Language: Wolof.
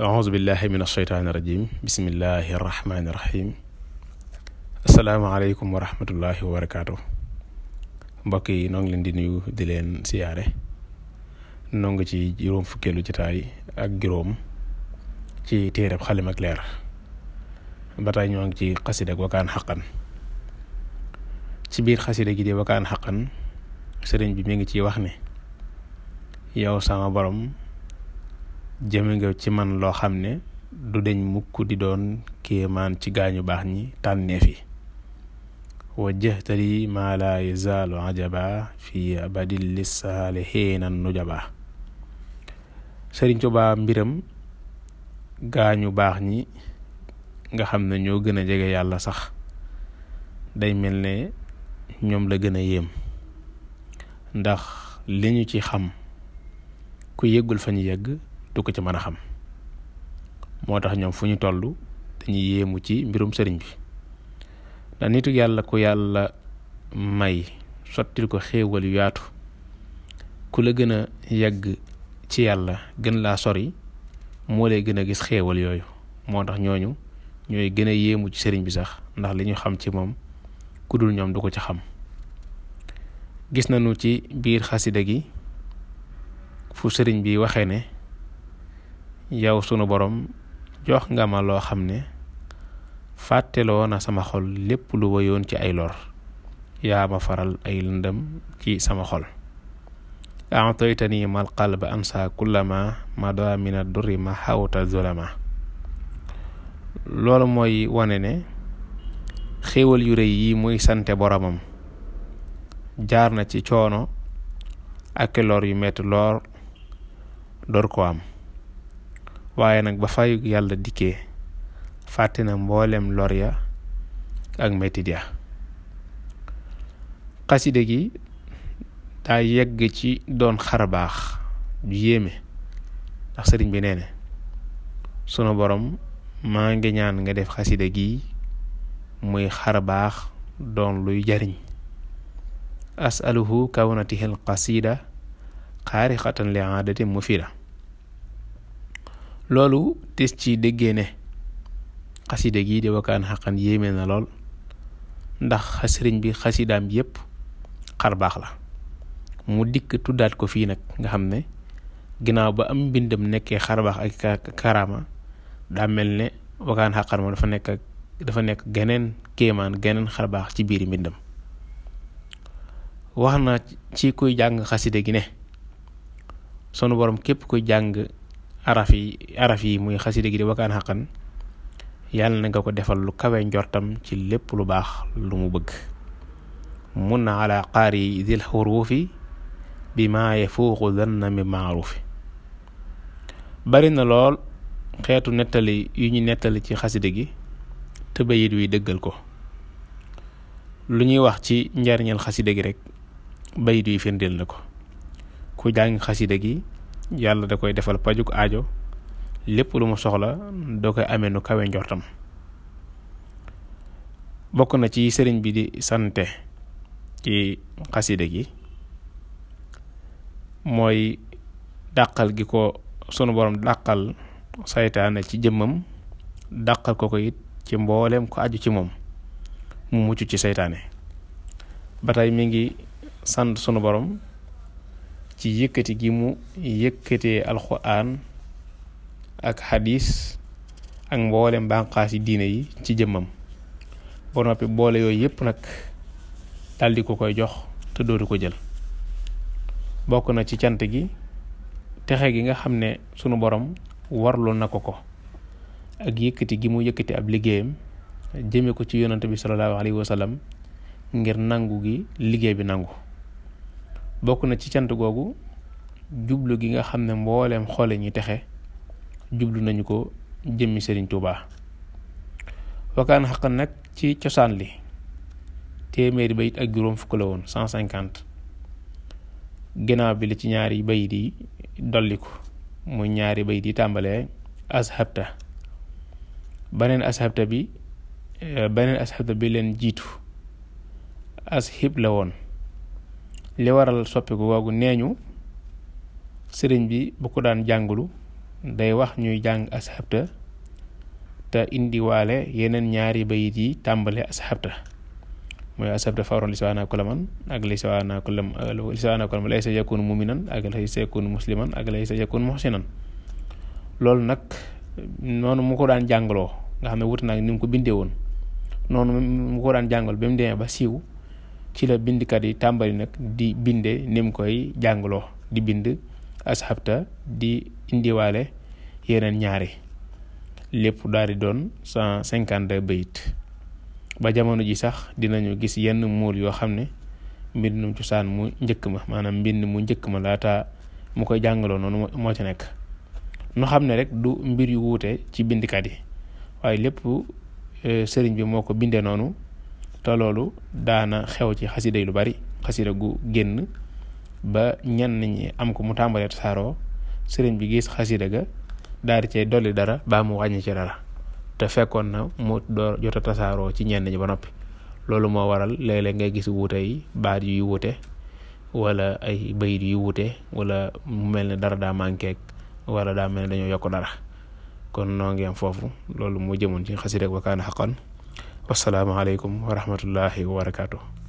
auzu billahi min asheytaani rajim bismillahi rahmaani rahim asalaamaaleykum wa wa barakaatu mbokk yi noo ngi leen di nuyu di leen siyaare nong ci juróom fukkeelu jotaay ak juróom ci téereb Xalimag Leer ba ñoo ngi ci xasida ak wakaan xaqan ci biir xasida gi di wakaan xaqan sëriñ bi mi ngi ciy wax ne yow sama borom jëme nga ci man loo xam ne du deñ mukk di doon kéemaan ci gaañu baax ni tànneef yi wajjahtali maa laa yazaalu ajaba fi abadil lisaalihiina nujaba sëriñ Tuubaa mbiram gaañu baax ñi nga xam ne ñoo gën a jege yàlla sax day mel ne ñoom la gën a yéem ndax li ñu ci xam ku yëggul fa ñu yegg du ko ci mën a xam moo tax ñoom fu ñu tollu dañuy yéemu ci mbirum sëriñ bi ndax nitu yàlla ku yàlla may sottil ko xéewal yu yaatu ku la gën a yàgg ci yàlla gën laa sori moo lay gën a gis xéewal yooyu moo tax ñooñu ñooy gën a yéemu ci sëriñ bi sax ndax li ñu xam ci moom ku dul ñoom du ko ci xam gis nañu ci biir xasida gi fu sëriñ bi waxee ne yow sunu boroom jox nga ma loo xam ne fàtteloo na sama xol lépp lu wayoon ci ay lor yaa ma faral ay lëndam ci sama xol a'taytani mal qalba ansa kullama mada mina durri ma xawta zulama loolu mooy wane ne xéewal yu rëy yi muy sante boroomam jaar na ci coono ak lor yu metti loor dor ko am waaye nag ba fayug yàlla dikkee fàtte na mboolem lor ya ak metit ya xaside gi daa yegg ci doon xarbaax baax yéeme ndax sëriñ bi nee sunu boroom maa ngi ñaan nga def xaside gi muy xarbaax doon luy jariñ asaluhu kawnatihil qasida xaarixatan li aadati mufida loolu tes ci déggee ne xasida gi di wakaan xaqan yéeme na lool ndax sëriñ bi xasidaam yépp xarbaax la mu dikk tuddaat ko fii nag nga xam ne ginnaaw ba am mbindam nekkee xar baax ak karama daa mel ne wakaan xaqan ma dafa nekk dafa nekk geneen kéemaan geneen xar ci biir mbindam wax na ci kuy jàng xaside gi ne sunu borom képp kuy jàng araf yi araf yi muy xasida gi di wakaan xaqan yàlla na nga ko defal lu kawe njortam ci lépp lu baax lu mu bëgg mun na ala qaari dil xuruufi bi maa yafuuqu danna mi maaruufi bari na lool xeetu nettali yu ñu nettali ci xasida gi te bayit wi dëggal ko lu ñuy wax ci njariñal xasida gi rek bayit wi firndeel na ko ku jàng xasida gi yàlla da koy defal pajuk ajo lépp lu mu soxla doo koy amee nu kawe njortam bokk na ci sëriñ bi di sante ci xasida gi mooy dàqal gi ko sunu borom dàqal saytaane ci jëmmam dàqal ko ko it ci mbooleem ko aju ci moom mu mucc ci seytaane ba tey mi ngi sant sunu borom ci yëkkati gi mu yëkkatee alxuraan ak xadis ak mboolem bànqaas yi diine yi ci jëmmam ba noppi boole yooyu yëpp nag daldi ko koy jox te dootu ko jël bokk na ci cant gi texe gi nga xam ne sunu borom warlu na ko ko ak yëkkati gi mu yëkkati ab liggéeyam jëme ko ci yonante bi sallallahu alayhi wa sallam ngir nangu gi liggéey bi nangu bokk na ci cant googu jublu gi nga xam ne mbooleem xoole ñi texe jublu nañu ko jëmmi Sëriñ Tuubaa wakaan xaqan nag ci cosaan li téeméeri bayit ak juróom fukk la woon cent cinquante ginnaaw bi la ci ñaari bayit yi dolliku muy ñaari bayit yi tàmbalee ashabta baneen ashabta bi eh, baneen ashabta bi leen jiitu ashib la woon li waral soppiku googu nee ñu sëriñ bi bu ko daan jàngulu day wax ñuy jàng asxabta te indiwaale yeneen ñaari bayit yi tàmbale asxabta mooy asxabta faroon lisawaana kulaman ak lisawaana kulam lisawaana kulam laysa yakun muminan ak laysa yakun musliman ak laysa yakun muhsinan loolu nag noonu mu ko daan jàngaloo nga xam ne wuti nag ni mu ko bindee woon noonu mu ko daan jàngal ba mu demee ba siiw ci la bindkat yi tàmbali nag di binde ni koy jàngloo di bind asxabta di indiwaale yeneen ñaari lépp daal di doon cent cinquante bayit ba jamono ji sax dinañu gis yenn muul yoo xam ne mbindum cosaan mu njëkk ma maanaam mbind mu njëkk ma laata mu koy jàngaloo noonu moo ci nekk nu xam ne rek du mbir yu wuute ci bindkat yi waaye lépp euh, sëriñ bi moo ko bindee noonu te loolu daana xew ci xasida yi lu bari xasida gu génn ba ñenn ñi am ko mu tàmbalee tasaaroo sëriñ bi gis xasida ga daal di cay dolli dara baa mu wàññi ci dara te fekkoon na mu door jot tasaaroo ci ñenn ñi ba noppi loolu moo waral léeg-léeg ngay gis wuute yi baat yuy wuute walla ay bayit yuy wuute walla mu mel ne dara daa manqué wala daa mel ne dañoo yokk dara kon noo foofu loolu moo jëmoon ci xasida ak wakaana xaqan wasalaamaaleykum wa rahmatullahi wa barakaatu.